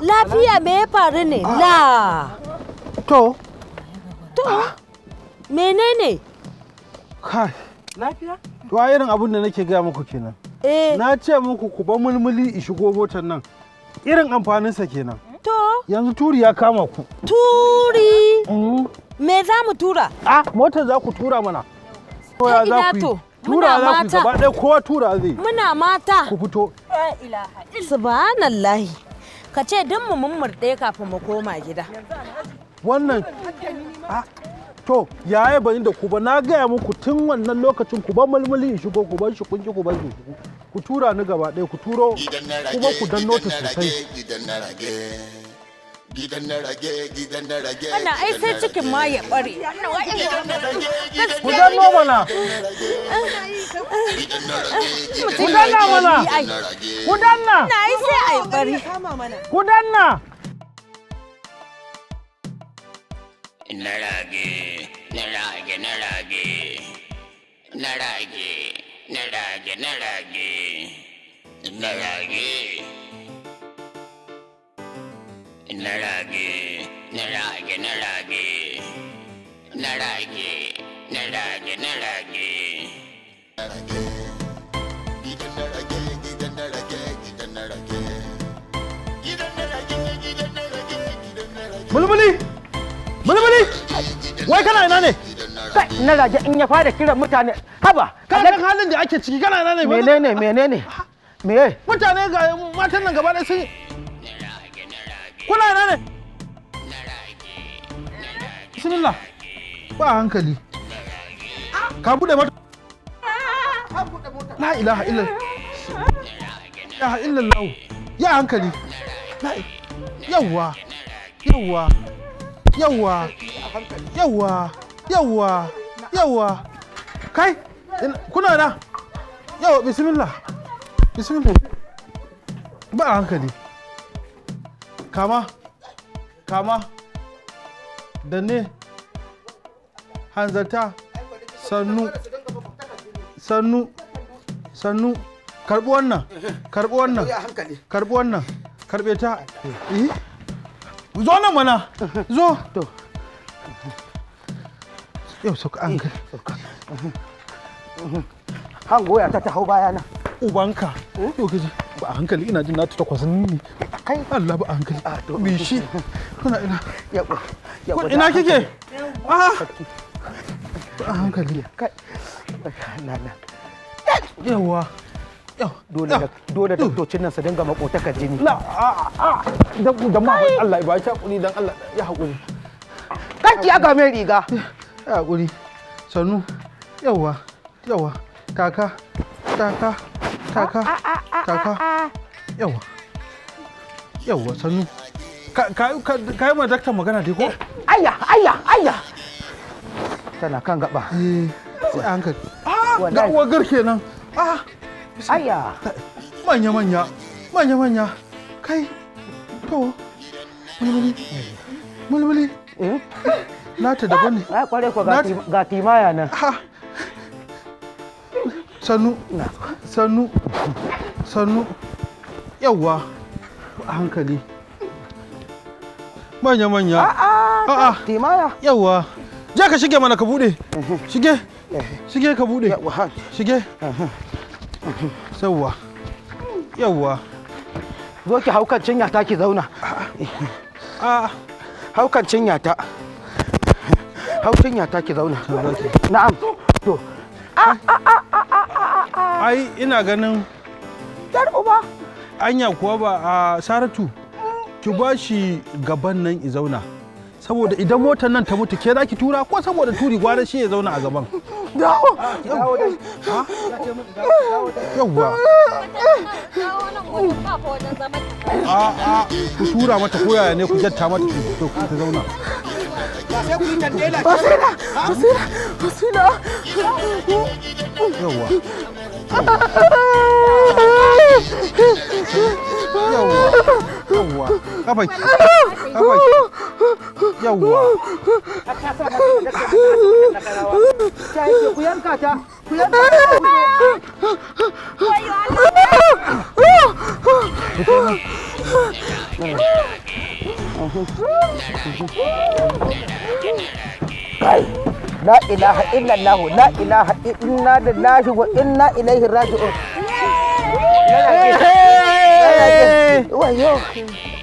Lafiya me ya faru ne? La. To. To. Menene? Kai. Lafiya? To irin abin da nake gaya muku kenan. Eh. Na ce muku ku ba mulmuli i shigo motar nan. Irin amfaninsa kenan. To. Yanzu turi ya kama ku. Turi. Me za mu tura? Ah, motar za ku tura mana. Ta ina to. tura za ku gaba ɗaya kowa tura zai muna mata ku fito subhanallahi ka ce don mu mummurɗe kafin mu koma gida wannan ah, to yaya bani da ku ba na gaya muku tun wannan lokacin ku ban mulmuli in shigo ku ban shi kun ku ban shi ku tura ni gaba ɗaya ku turo kuma ku dan notice sosai gidan na rage gidan na rage ana ai sai cikin ma ya bare ku danno mana ku danna mana ku danna na ai sai ai bare ku danna na rage na rage na rage na rage na rage na rage lagi. Gidan na na Mulmuli! Mulmuli! Wai kana ina ne? Kai, na rage in ya fara kiran mutane. Haba! Kana kan halin da ake ciki kana ina ne? Menene, menene? Me? Mutane ga matan nan gaba da sun Kuna ina ne? Bismillah. Ba hankali. ka bude mota la ilaha illallah la illallah ya hankali yawwa yawwa yawwa yawwa yawwa yawwa kai kuna na yawa bismillah bismillah ba a hankali kama kama da ne hanzarta sannu sannu sannu karbi wannan karbi wannan karbi wannan karbe ta eh. Eh. zo nan mana zo to yau sauka an kai eh, hango ta ta hau bayana ubanka yau gaji ba a hankali ina jin nata takwasan ne kai Allah ba a hankali me shi kana ina ina kike ah a hankali kai na na yawa dole dole doktocin nan su dinga makotaka jini la a a dan da ma Allah ba ta kuri dan Allah ya hakuri kanki aka mai riga ya hakuri sannu yawa yawa kaka, kaka, kaka, kaka, yawa yawa sannu ka ka ka yi ma daktar magana dai ko eh, ayya ayya ayya tana kan gaba eh, sai an ka ah, ga wagar kenan ah aya manya manya manya manya kai to mulmuli mulmuli eh? na ta daban ne na ah, kware ko ga timaya nan sannu sannu sannu yawwa a hankali manya manya a'a ah, timaya yawwa je ka shige mana ka bude shige shige ka bude shige sauwa yawwa zo ki haukan cinya ta ki zauna a ah, haukan cinya ta haukan cinya ta ki zauna na'am to ah, ah, ai ina ganin yar uba anya kuwa ba a saratu mm. ki ba shi gaban nan i zauna saboda idan motar nan ta mutu ke zaki tura ko saboda turi gwara shi ya zauna a gaban dawo ah, dawo yawwa ah, ah. ku tura mata yaya ne ku jatta mata ku ta zauna yawwa yawwa yawwa yawwa a ta sa mata da kake da karawa ta ilaihi